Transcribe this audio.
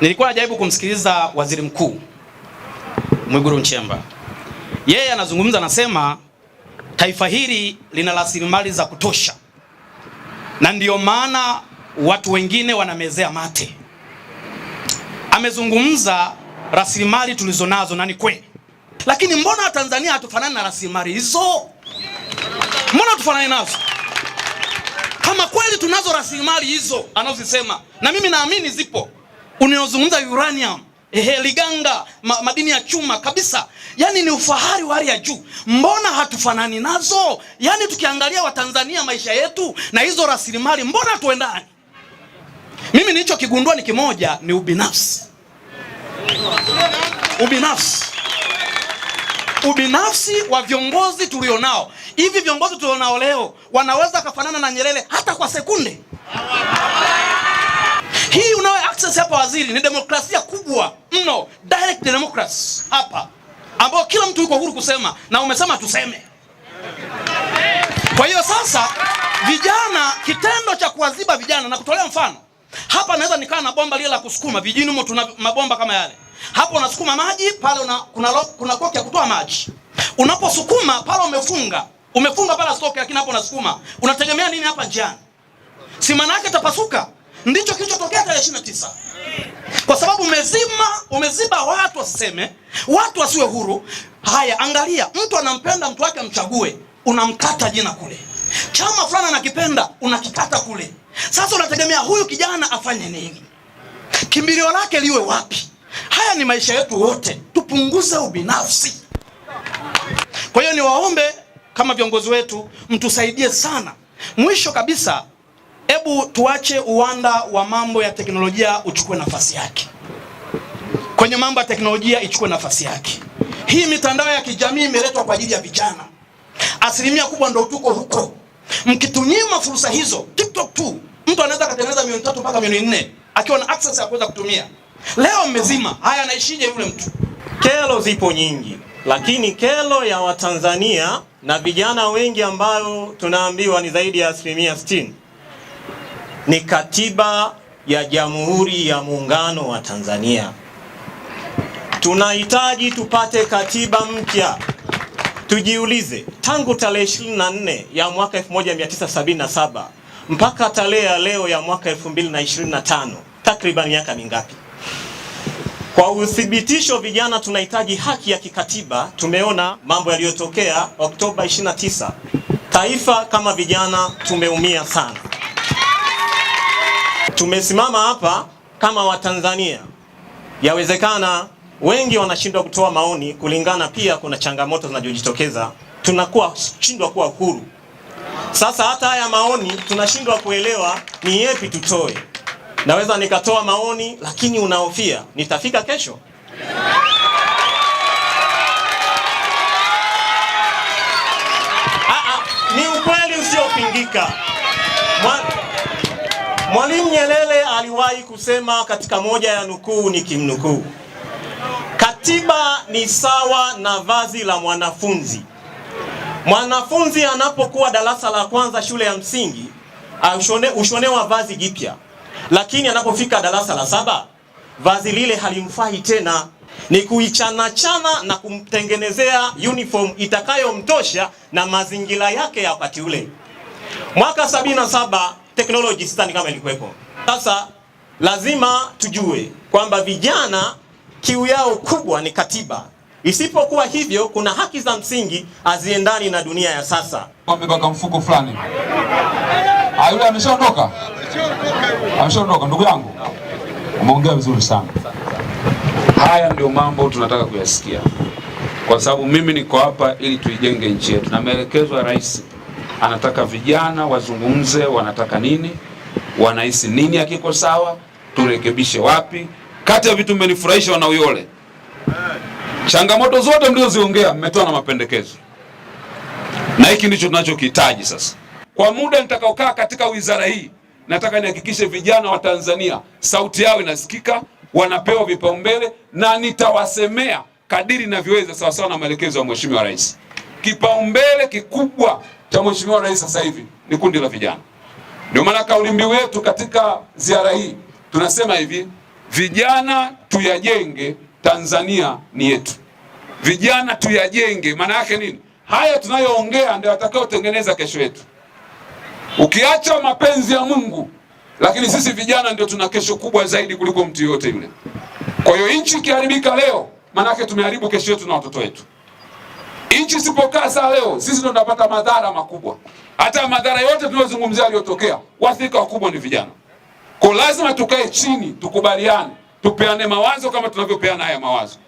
Nilikuwa najaribu kumsikiliza Waziri Mkuu Mwigulu Nchemba, yeye anazungumza, anasema taifa hili lina rasilimali za kutosha, na ndiyo maana watu wengine wanamezea mate. Amezungumza rasilimali tulizo nazo, na ni kweli, lakini mbona Watanzania hatufanani na rasilimali hizo? Mbona hatufanani nazo? Kama kweli tunazo rasilimali hizo anazosema, na mimi naamini zipo unaozungumza uranium, ehe, liganga, ma, madini ya chuma kabisa, yani ni ufahari wa hali ya juu. Mbona hatufanani nazo? yani tukiangalia Watanzania maisha yetu na hizo rasilimali, mbona hatuendani? Mimi kigundua ni kimoja, ni ubinafsi, ubinafsi ubinafsi wa viongozi tulionao. Hivi viongozi tulionao leo wanaweza kafanana na Nyerere hata kwa sekunde? Hii unayo access hapa waziri, ni demokrasia kubwa mno, direct democracy hapa, ambayo kila mtu yuko huru kusema, na umesema tuseme. Kwa hiyo sasa, vijana, kitendo cha kuwaziba vijana na kutolea mfano hapa, naweza nikaa na bomba lile la kusukuma vijijini, humo tuna mabomba kama yale hapo unasukuma maji pale, una, kuna lo, kuna koki ya kutoa maji. Unaposukuma pale umefunga umefunga pale stoki, lakini hapo unasukuma unategemea nini hapa njiani? Si maana yake tapasuka ndicho kilichotokea tarehe 29 kwa sababu umezima umeziba watu wasiseme, watu wasiwe huru. Haya, angalia, mtu anampenda mtu wake amchague, unamkata jina kule. Chama fulani anakipenda, unakikata kule. Sasa unategemea huyu kijana afanye nini? Kimbilio lake liwe wapi? Haya ni maisha yetu wote, tupunguze ubinafsi. Kwa hiyo niwaombe kama viongozi wetu, mtusaidie sana. Mwisho kabisa hebu tuache uwanda wa mambo ya teknolojia uchukue nafasi yake, kwenye mambo ya teknolojia ichukue nafasi yake. Hii mitandao ya kijamii imeletwa kwa ajili ya vijana, asilimia kubwa ndio tuko huko. Mkitunyima fursa hizo, TikTok tu mtu anaweza akatengeneza milioni tatu mpaka milioni nne akiwa na access ya kuweza kutumia. Leo mmezima haya, anaishije yule mtu? Kero zipo nyingi, lakini kero ya Watanzania na vijana wengi ambayo tunaambiwa ni zaidi ya asilimia sitini ni katiba ya Jamhuri ya Muungano wa Tanzania. Tunahitaji tupate katiba mpya. Tujiulize, tangu tarehe 24 ya mwaka 1977 mpaka tarehe ya leo ya mwaka 2025 takriban miaka mingapi? Kwa uthibitisho, vijana tunahitaji haki ya kikatiba. Tumeona mambo yaliyotokea Oktoba 29, taifa kama vijana tumeumia sana tumesimama hapa kama Watanzania. Yawezekana wengi wanashindwa kutoa maoni kulingana, pia kuna changamoto zinazojitokeza, tunakuwa shindwa kuwa huru. Sasa hata haya maoni tunashindwa kuelewa ni yepi tutoe. Naweza nikatoa maoni, lakini unahofia nitafika kesho. Aa, ah, ah, ni ukweli usiopingika. Mwalimu Nyerere aliwahi kusema katika moja ya nukuu, ni kimnukuu katiba ni sawa na vazi la mwanafunzi. Mwanafunzi anapokuwa darasa la kwanza shule ya msingi ushone, ushonewa vazi jipya, lakini anapofika darasa la saba vazi lile halimfai tena, ni kuichanachana na kumtengenezea uniform itakayomtosha na mazingira yake ya wakati ule. Mwaka sabini na saba teknoloji sidhani kama ilikuwepo. Sasa lazima tujue kwamba vijana kiu yao kubwa ni katiba. Isipokuwa hivyo, kuna haki za msingi haziendani na dunia ya sasa. Wamebeba mfuko fulani, ah, yule ameshaondoka, ameshaondoka. Ndugu yangu, umeongea vizuri sana. Haya ndio mambo tunataka kuyasikia, kwa sababu mimi niko hapa ili tuijenge nchi yetu, na maelekezo ya rais anataka vijana wazungumze, wanataka nini, wanahisi nini, akiko sawa, turekebishe wapi. Kati ya vitu mmenifurahisha, wana Uyole, changamoto zote mlizoziongea mmetoa na mapendekezo, na hiki ndicho tunachokihitaji sasa. Kwa muda nitakaokaa katika wizara hii, nataka nihakikishe vijana wa Tanzania sauti yao inasikika, wanapewa vipaumbele, na nitawasemea kadiri navyoweza, sawasawa na maelekezo ya Mheshimiwa Rais. Kipaumbele kikubwa cha mheshimiwa rais sasa hivi ni kundi la vijana. Ndio maana kauli mbiu yetu katika ziara hii tunasema hivi, vijana tuyajenge, Tanzania ni yetu. Vijana tuyajenge, maana yake nini? Haya tunayoongea ndio atakayotengeneza kesho yetu, ukiacha mapenzi ya Mungu, lakini sisi vijana ndio tuna kesho kubwa zaidi kuliko mtu yoyote yule. Kwa hiyo nchi ikiharibika leo, maana yake tumeharibu kesho yetu na watoto wetu. Nchi isipokaa saa leo, sisi ndo tunapata madhara makubwa. Hata madhara yote tunayozungumzia yaliyotokea, waathirika wakubwa ni vijana. Kwa lazima tukae chini, tukubaliane, tupeane mawazo kama tunavyopeana haya mawazo.